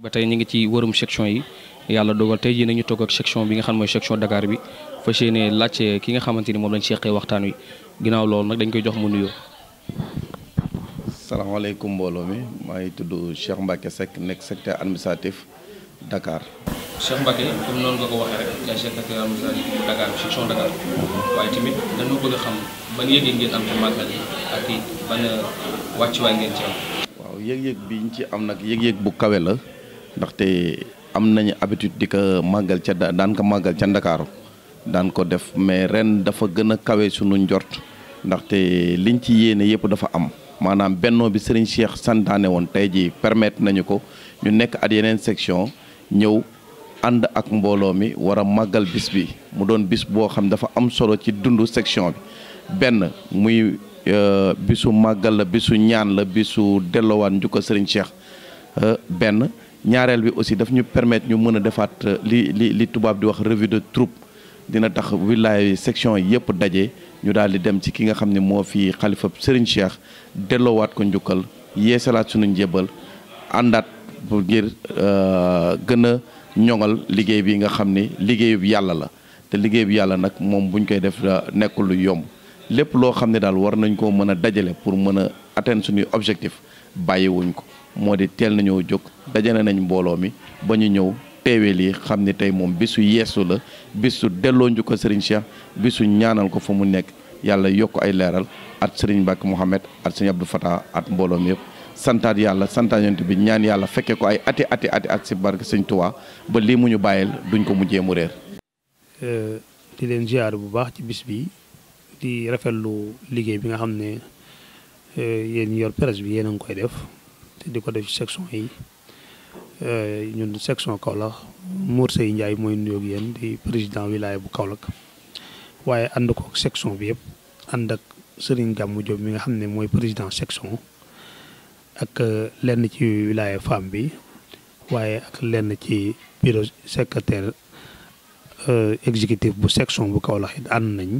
ba tey ñu ngi ci wërum section yi yàlla dogal tey jii nañu toog ak section bi nga xam mooy section Dakar bi fas yéene laajte ki nga xamante ni moom lañ seqee waxtaan wi ginnaaw loolu nag dañ koy jox mu nuyoo. salaamaaleykum mbooloo mi maa ngi tudd Cheikh Mbacke Seck nekk secteur administratif Dakar. Cheikh Mbacke comme noonu nga ko waxee rek yaay secteur administratif Dakar section Dakar waaye tamit dañoo bëgg a xam ban yëg ngeen am ci màggal ak ban wàccuwaay ngeen ci waaw yëg-yëg bi ñu ci am nag yëg-yëg bu kawe la ndaxte am nañu habitude di ko màggal ca daan ko màggal ca Ndakaaru daan ko def mais ren dafa gën a kawe sunu njort ndaxte liñ ci yéene yëpp dafa am maanaam bennoo bi Serigne Cheikh santaane woon tey ji permettre nañu ko ñu nekk at yeneen section ñëw ànd ak mbooloo mi war a màggal bis bi mu doon bis boo xam dafa am solo ci dund section bi benn muy Eh, bisu magal la bisu ñaan la bisu dellowaan juko serigne Cheikh eh, ben ñaarel bi aussi daf ñu permettre ñu mëna defaat eh, li li li tubab di wax revue de troupe dina tax wilaay section yépp daje ñu dal di dem ci ki nga xam mo fi khalifa serigne Cheikh delloowaat ko ñukal yeesalaat suñu andat bu ngir gën nyongal ñoŋal liggéey bi nga xam ni liggéeyub yalla la liggéey bi yalla nak mom buñ koy def nekul yu yomb. lépp loo xam ne daal war nañ koo mën a dajale pour mën a atteindre suñuy objectif bàyyiwuñ ko moo di teel nañoo jóg dajale nañ mbooloo mi ba ñu ñëw teewee lii xam ne tey moom bisu yeesu la bisu delloo njukkal Serigne Cheikh bisu ñaanal ko fa mu nekk yàlla yokk ay leeral at Serigne Mbacke Mouhamed at Serigne Abdou Fatah at mbooloo mi yëpp santaat yàlla santaat bi ñaan yàlla fekkee ko ay ati ati at si barke Serigne Touba ba lii mu ñu bàyyil duñ ko mujjee mu réer. Euh, di leen ziar bu baax ci bis bi. di rafetlu liggéey bi nga xam ne euh, yéen yor presse bi yéen a ngi koy def te di ko def ci section yi euh, ñun section Kaolack Mor Seye Ndiaye mooy nuyoog yéen di président wilaya bu Kaolack waaye ànd ko section bi yëpp ànd ak Serigne Gamou Diop mi nga xam ne mooy président section ak euh, lenn ci wilaya femme bi waaye ak lenn ci bureau secrétaire exécutif bu section bu Kaolack yi ànd nañ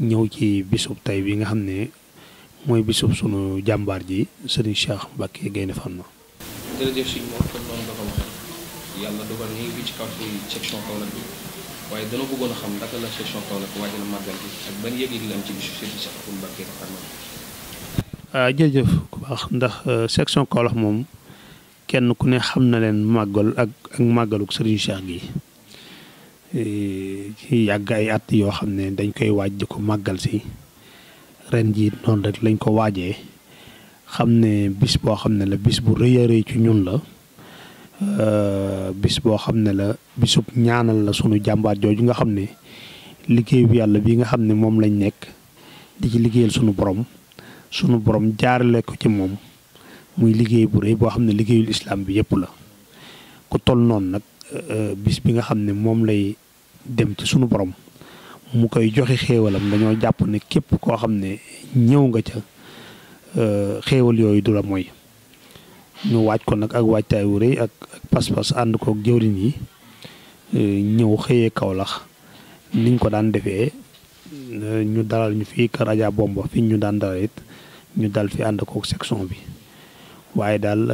ñëw ci bisub tey bi nga xam ne mooy bisub sunu jàmbaar ji sëriñ Cheikh Mbacke Gaynde Fatma. jërëjëf yàlla dogal ñu ngi fii ci kaw ci section Kaolack bi waaye la màggal gi ak ban yëg-yëg la am ci bisu sëriñ Cheikh Mbacke Gaynde Fatma. ah jërëjëf ku baax ndax euh, section Kaolack moom kenn ku ne xam na leen màggal ak ak màggaluk sëriñ Cheikh gi. Eh, ci yàgg ay at yoo xam ne dañ koy waaj di ko màggal si ren jiit noonu rek lañ ko waajee xam ne bis boo xam ne la bis bu rëy a ci ñun la eh, bis boo xam ne la bisub ñaanal la sunu jàmbaar jooju nga xam ne liggéey bu yàlla bi nga xam ne moom lañ nekk di ci liggéeyal sunu borom sunu borom jaarale ko ci moom muy liggéey bu rëy boo xam ne liggéeyul islaam bi yëpp la ku toll noonu nag eh, bis bi nga xam ne moom lay dem ci sunu borom mu koy joxe xéewalam dañoo jàpp ne képp koo xam ne ñëw nga ca euh, xéewal yooyu du la mooy ñu waaj ko nag ak waajtaay wu rëy ak ak pas-pas ànd kook jëwriñ yi euh, ñëw xëyee Kawlax niñ ko daan defee euh, ñu dalal ñu fii kër Adja Bomba fi ñu daan dalal ñu dal fi ànd kook section bi waaye daal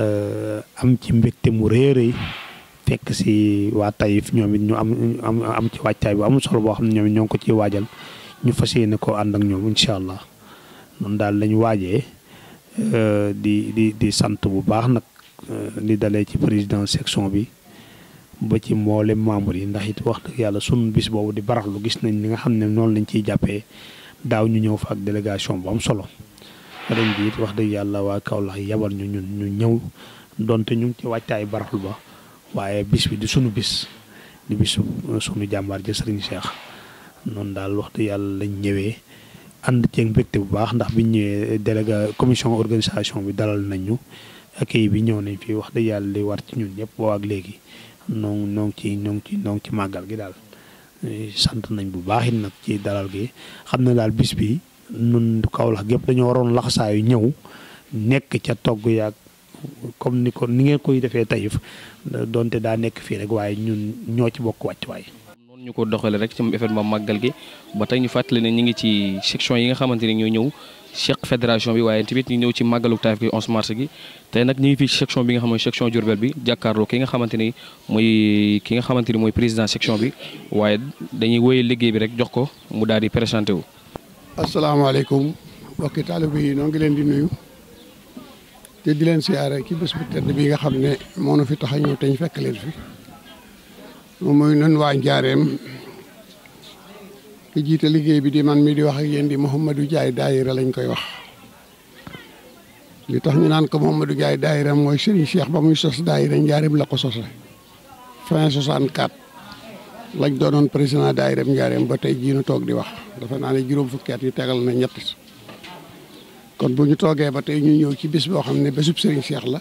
am ci mbégte mu rëy rëy fekk si waa tayif ñoom ñu am am am ci waccay bu am solo bo xamni ñoom ñong ko ci wajal ñu fasiyene ko and ak ñoom inshallah allah dal daal wajé euh di di di sante bu baax nak ni euh, dalé ci président section bi ba ci mbolé membre yi ndax it wax dëgg yalla sun bis bobu di lu gis nañ li nga xam ne lañ ci jappé daw ñu ñew délégation bu am solo dañ bi it wax dëgg yàlla waa Kaolack yabal ñu ñun ñu ñew donte ñu ci waccay barax lu baax waaye bis bi di sunu bis di bisu uh, sunu jàmbaar ji sëriñ Cheikh noonu daal waxtu yàlla lañ ñëwee ànd ceeg mbégte bu baax ndax biñ ñëwee eh, délégué commission organisation bi dalal nañ ñu ak yi bi ñëw nañ fii wax dëgg yàlla li war ci ñun ñëpp boo ak léegi noo noo ci noo ci màggal gi daal eh, sant nañ bu baax it nag ci dalal gi xam ne daal bis bi nun Kaolack gépp dañoo waroon laxasaayu ñëw nekk ca togg yaag comme ni ko ni ngeen koy defee Taïf euh, donte daa nekk fii rek waaye ñun ñoo ci bokk wàccuwaay. noonu ñu ko doxalee rek ci événement màggal gi ba tey ñu fàttali ne ñu ngi ci yi nga xamante ni ñoo ñëw cheikh fédération bi waaye tamit ñu ñëw ci màggalu Taïf gi 11 mars gi tey nag ñu ngi fii section bi nga xam ne section Diourbel bi jàkkaarloo ki nga xamante mooy ki nga xamante ni mooy président section bi waaye dañuy wéyee liggéey bi rek jox ko mu daal di présenté wu. asalaamaaleykum mbokki taalibe yi noo ngi leen di nuyu. te di leen siyaare ci bés bu tedd bi nga xam ne moo nu fi tax a ñëw te fekk leen fi moom mooy nun waa njaareem ki jiite liggéey bi di man mi di wax ak yéen di Mouhamadou Ndiaye daayira lañ koy wax li tax ñu naan ko Mouhamadou Ndiaye daayira mooy Serigne Cheikh ba muy sos daayira njaareem la ko sose fin 64 lañ doonoon président daayira njaareem ba tey jii toog di wax dafa naa ne juróom fukki at yu tegal na ñett kon bu ñu toogee ba tey ñu ñëw ci bis boo xam ne bésub Serigne Cheikh la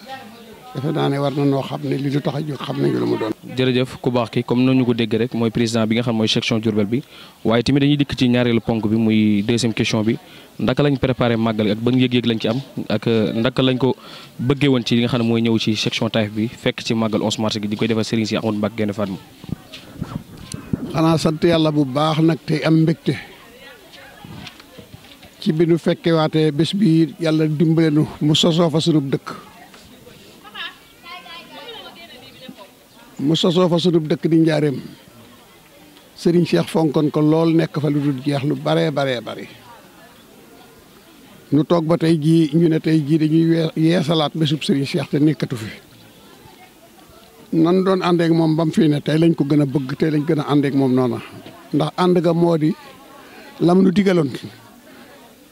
defe naa ne war na noo xam ne li lu tax a jóg xam nañu lu mu doon. jërëjëf ku baax ki comme noonu ko dégg rek mooy président bi nga xam mooy section Diourbel bi waaye tamit dañuy dikk ci ñaareelu ponk muy deuxième question bi ndaka lañ préparé màggal ak ban lañ ci am ak euh, lañ ko bëggee woon ci li nga xam ne mooy ñëw ci section Taïf bi fekk ci màggal 11 mars gi di koy defal Serigne xanaa sant yàlla bu baax nag tey am mbégte. ci bi nu waté bés bi yalla dimbalé nu mu soso fa suñu dëkk mu soso fa suñu dëkk di njaareem sëriñ Cheikh fonkon ko lool nekk fa lu dul jeex lu bare bare bare nu tok ba tay gi ñu ne tay gi dañuy yéssalat bésub sëriñ Cheikh te nekkatu fi nan doon ande ak mom bam fi ne tay lañ ko gëna bëgg tay lañ gëna ande ak mom nona ndax and ga modi lam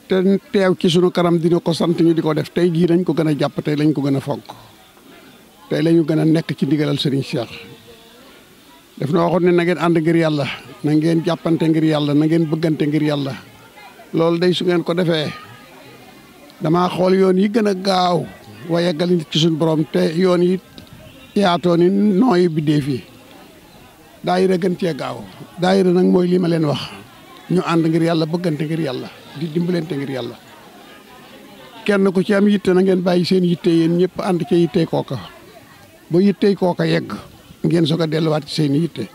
te teew ci sunu karam dina ko sant ñu di def tay gi dañ ko gëna japp tay lañ ko gëna a fonk tey la ñu nekk ci digalal Serigne Cheikh def na waxoon ne na ngeen and ngir yalla na ngeen jappante ngir yalla na ngeen bëggante ngir yalla lool day su ngeen ko defee dama xol yoon yi gëna a gaaw waya yeggal nit ci suñu borom te yoon yi yaatoo ni bi daayira gën ci gaaw daayira nak moy li ma leen wax ñu and ngir yalla bëggante ngir yalla di dimbalante ngir yalla kenn ku ci am yitte na ngeen bayyi seen yitte yeen ñepp and ci yitte koka bo yitte koka yegg ngeen soga delu wat ci seen yitte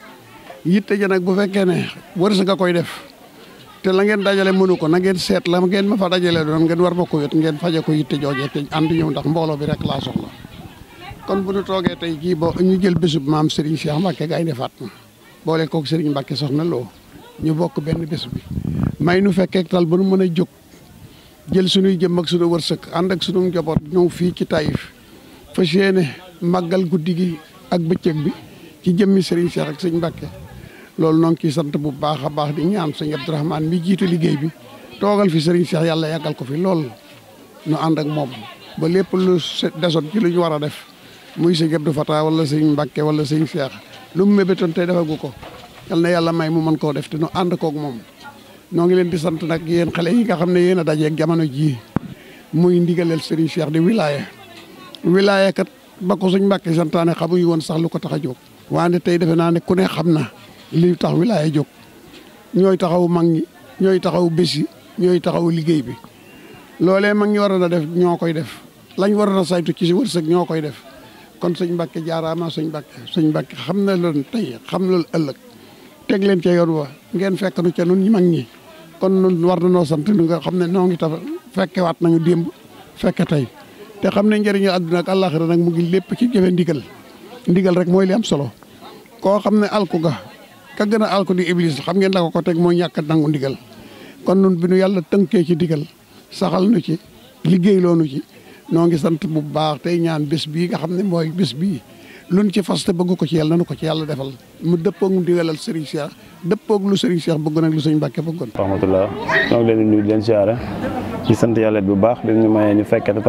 yitte ja nak bu fekkee ne wërs nga koy def te la ngeen dajale mënu ko na ngeen seet la ngeen ma fa dajale doon ngeen war bokku ko ngeen faje ko yitte joojee te and ñew ndax mbolo bi rek la soxla kon bu ñu toogee tay gi bo ñu jël bisub maam Serigne Cheikh Mbacke gayne Fatma boole ko Serigne Mbacke soxna loo ñu bokk benn bés bi may nu fekkeek tal ba nu mën a jóg jël suñuy jëm ak suñu wërsëg ànd ak suñu njaboot ñëw fii ci Taïf fas yéene màggal guddi gi ak bëccëg bi ci jëmmi Serigne Cheikh ak sëñ Mbacke loolu noo ngi sant bu baax a baax di ñaan sëñ Abdourahmane mi jiite liggéey bi toogal fi Serigne Cheikh yàlla yàggal ko fi lool ñu ànd ak moom ba lépp lu desoon ci lu ñu war a def muy sëñ Abdou Fata wala sëñ Mbacke wala sëñ Cheikh lu mu mébétoon tey defagu ko yalla na yalla may mu man ko def te and ko ak mom no ngi len di sant nak yeen xalé yi nga xamne ne yéen ak jamono ji muy ndigalel Serigne Cheikh de wilaya wilaya kat ba ko suñ mbàkke santaane xamuñu woon sax lu ko tax jog jóg tay defena ne ku ne xamna li tax wilaya jog ñoy taxaw magni ñoy taxaw besi ñoy taxaw liggey bi lolé mag ñu def ñokoy koy def lañ waroon a saytu ci si def kon suñ mbacke jaaraama suñ mbacke suñ mbacke xamna na tay xam na ëllëg teg len ci yor wa ngeen fekk nu ci nun ñi mag ñi kon nun war na no sant nu nga xamne no ngi ta fekke wat nañu fekke tay te xamne ne njëriñu aduna ak àllaaxira nak mu ngi lepp ci jëfe ndigal ndigal rek moy li am solo ko xamne alku ga ka gëna alku di iblis xam ngeen la ko ko moy ñak nangu ndigal kon nun bi nu yàlla tënkee ci digal saxal nu ci liggéey loonu ci no ngi sant bu baax tay ñaan bes bi nga xamne moy bes bi luñ ci fas te bëgg ko ci yàlla ko ci yàlla defal mu dëppoog di welal Serigne Cheikh dëppoog lu Serigne Cheikh bëggoon ak lu Serigne Mbacke bëggoon. rahmatulah ñoo ngi leen di nuyu di leen siyaare di sant yàlla bu baax bi ñu ñu fekke te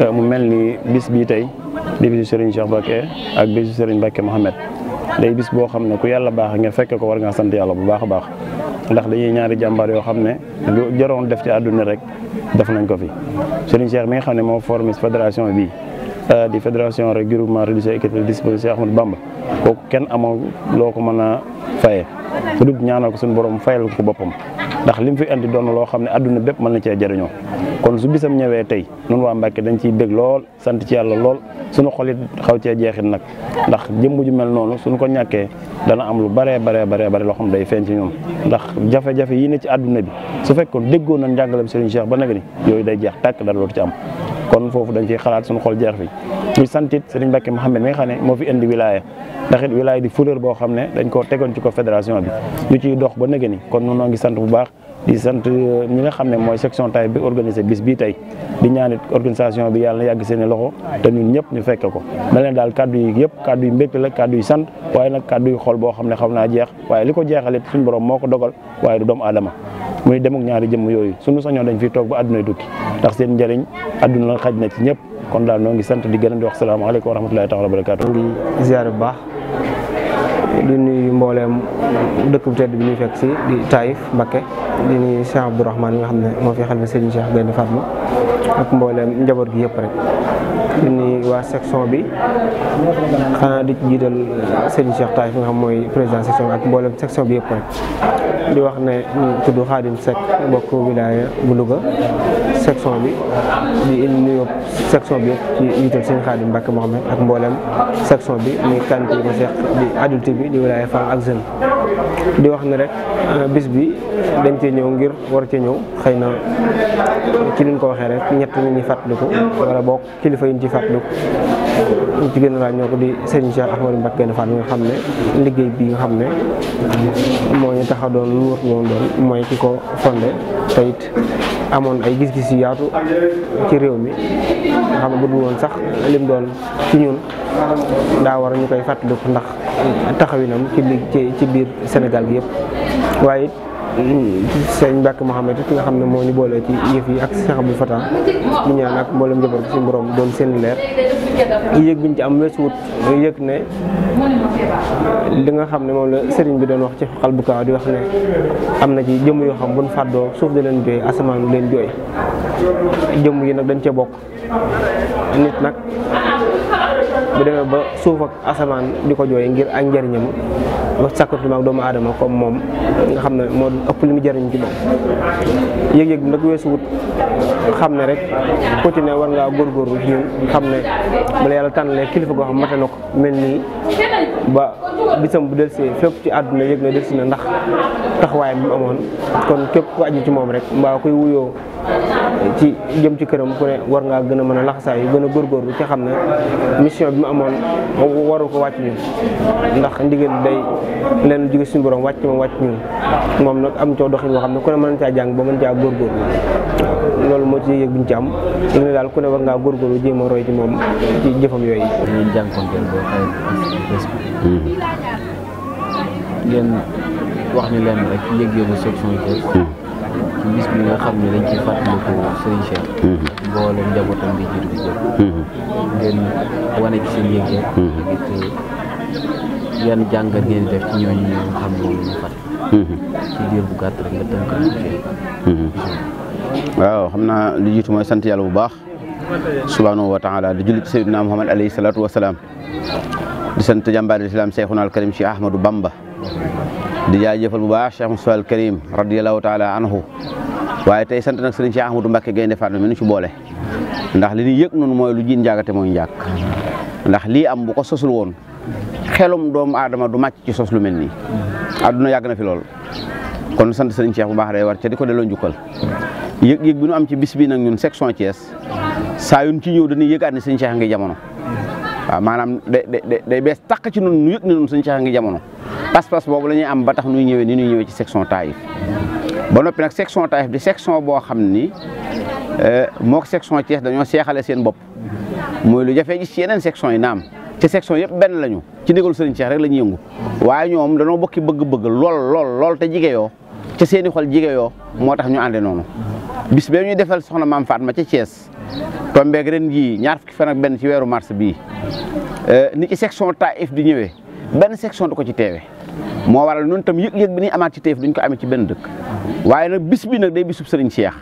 euh, mu mel ni bis bii tey di bisu Serigne Cheikh Mbacke ak bisu Serigne Mbacke Mohamed day bis boo xam ne ku yàlla baax nga fekke ko war ngaa sant yàlla bu baax a baax. ndax dañuy ñaari jàmbaar yoo xam ne lu def ci àdduna rek def nañ ko fi Serigne Cheikh mi nga xam ne moo formé fédération bi Eh, di fédération rek groupement religieux équité disposition disponible Bamba Ahmed Bamba amoo ken ko loko meuna fayé su dul ñaanal ko sun borom fayal ko bopam ndax lim fi andi don lo xamné aduna bép man la ci cee kon su bisam ñëwee tay nun wa mbacké dañ ci dégg lool sant ci yalla lool suñu xolit xaw ci jeexit nak ndax jëm ju mel nonu suñu ko ñaké dana am lu bare bare bare bare lo xam day fën ci ñoom ndax jafé jafé yi ne ci aduna bi su fekkon déggoon na njàngale Serigne Cheikh ba nag ni yooyu day jeex tak dara dootu ci am kon foofu dañ ciy xalaat suñu xol jeex fi ñu santit Serigne Mbacké Mouhamed mi nga xam ne moo fi indi wilaya ndax it wilaya di boo xam ne dañ koo tegoon ci ko fédération bi ñu ciy dox ba nëgë ni kon noonu ngi sant bu baax di sant euh, ñi nga xam ne mooy section tay bi organisé bis bii tey di ñaanit organisation bi yàlla na yàgg seen loxo te ñun ñëpp ñu fekke ko na leen daal kàddu yi yëpp kàddu yu mbégte la kàddu yu sant waaye nag kàddu yu xol boo xam ne naa jeex waaye li ko jeexalit suñu borom moo ko dogal waaye du doomu aadama muy dem ñaari jëmm yooyu suñu sañoon dañ fiy toog ba àdduna tukki ndax seen njëriñ àdduna xaj na ci ñëpp kon daal noo ngi sant di gërëm di wax salaamaaleykum wa rahmatulahi taala wa barakaatu ngi ziar bu baax di nuyu mbooleem dëkk bu tedd bi ñuy fekk si di Taïf Mbakke di nuyu Cheikh Abdourahmane nga xam ne moo fi xalifa Serigne Cheikh Gaynde Fatma ak mbooleem njaboot gi yëpp rek di nuyu bi xanaa di jiital Serigne nga xam mooy président section ak mbooleem section bi yëpp rek di wax ne ñu tudd Xaadim bokk wilaaya bu Louga section bi di indi york section bi ci yital seen xaadim Mbàkke mohammed ak mboolem section bi ni kanti ko xex di adulte bi di wilaya fa ak jeune di wax ni rek euh, bis bi dañ ci ñew ngir war ci ñew xeyna ci liñ ko waxe rek ñett ñi ñi fàttaliku wala bok kilifa yi ci fàttaliku ko ci gën la ñoo di seigne Cheikh Ahmadou Mbacke fa nga xam bi nga xamne ne moo ñu taxa doon lu wax ñoom doon moy ki ko fondé tayit amone ay gis-gis ju yaatu ci réew mi nga xam ne bu dul woon sax lim doon ci ñun daa war a ñu koy fàttaliku ndax taxawinam ci ci biir Sénégal gi yëpp waaye seen sëñ Mbàkke Mouhamed it nga xam ne moo ñu boole ci yëf yi ak Cheikh Abdou Fatah ñu ñaan ak mboolem njaboot bi suñu borom doon seen leer yëg biñ ci am weesuwut yëg ne li nga xam ne moom la sëriñ bi doon wax ci xal bu kaaw di wax ne am na ci jëmm yoo xam buñ fàddoo suuf da leen jooy asamaan leen jooy yi nag dañ cee bokk nit nag bu demee ba suuf ak asamaan di ko jooy ngir ak njëriñam ba sakkatuma ak doomu aadama comme moom nga xam ne moo ëpp lu mu jariñ ci moom yëg-yëg bi nag weesuwut xam ne rek ku ci ne war ngaa góorgóorlu ci ñun xam ne bu la yàlla tànnalee kilifa goo xam mate na ko mel nii ba bisam bu delsee fépp ci àdduna yëg na delsi na ndax taxawaay bi mu amoon kon képp ku aju ci moom rek mbaa kuy wuyoo ci jëm ci këram ku ne war ngaa gën a mën a laxasaay yu gën a bi ci xam ne mission bi mu amoon waru ko wàcc ñun ndax ndigal day leen jóge suñu borom wàcc moom wàcc ñun moom nag am coo doxin boo xam ne ku ne mën caa jàng ba mën a góorgóorlu loolu moo ci yëg buñ ci am li ne war ngaa góorgóorlu jéem a moom ci jëfam yooyu ngeen hmm. wax ni leen rek yëg ci bis bi nga xam ne dañ ciy fàttaliku Serigne Cheikh. Mhm. mboolem njabootam bi jiitu bi jëm. ngeen wane ci seen yëg-yëg. Mhm. it yan ngeen def ci ñooñu ñoo xam ne ñu fàttali. Mhm. ci diir bu gàtt rek nga tënkal ci. waaw xam naa lu jiitu mooy sant yàlla bu baax. subhaanahu wa taala di jullit Seydina Muhammad alayhi salaatu wa salaam. di sant jàmbaar islam Cheikhuna al Karim Cheikh Ahmadou Bamba. di jaajëfal bu baax Cheikh Moustapha al Karim radiyallahu taala anhu waaye tey sant nag sëriñ Cheikh Ahmadou Mbacke Gaynde Fatma mi nu ci boole ndax li ñuy yëg noonu mooy lu jiin njaagate mooy njaag ndax lii am bu ko sosul woon xelum doomu adama du màcc ci sos lu mel nii àdduna yàgg na fi lool kon sant sëriñ Cheikh bu baax day war ca di ko delloo njukkal yëg-yëg bi nu am ci bis bi nag ñun section Thiès saa yun ci ñëw dañuy yëgaat ne sëriñ Cheikh ngi jamono waaw maanaam de day day bees tàq ci noonu nu yëg ngi jamono pas-pas boobu lañuy am ba tax ñuy ñëwee ni ñuy ñëwee ci section Taïf ba noppi nag section Taïf di section boo xam ni euh, moo section Thiès dañoo seexale seen bopp mooy lu jafee gis ci yeneen section yi naam ci section yëpp benn lañu ci ndigalu Serigne Cheikh rek la ñuy yëngu waaye ñoom dañoo bokki bëgg-bëgg lool lool lool te yoo ca seeni xol yoo moo tax ñu ànde noonu bis bee ñuy defal soxna maam ma ca Thiès to ren jii ñaar fukki fan ak benn ci weeru mars bii euh, ni ci section Taïf di ñëwee benn section du ko ci teewe moo waral noonu tam yëg-yëg bi ñuy amaat ci teef duñ ko amee ci benn dëkk waaye nag bis bi nag day bisub sëriñ Cheikh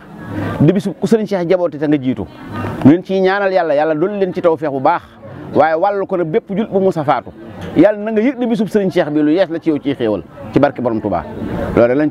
di bisub ku sëriñ Cheikh jaboote te nga jiitu ñu leen ciy ñaanal yàlla yàlla doolu leen ci tawfeex bu baax waaye wàllu ko nag bépp jul bu musa faatu yalla na nga yëg di bisub sëriñ Cheikh bi lu yees la ci yow ciy xéewal ci barke borom Tuubaa loolu lañ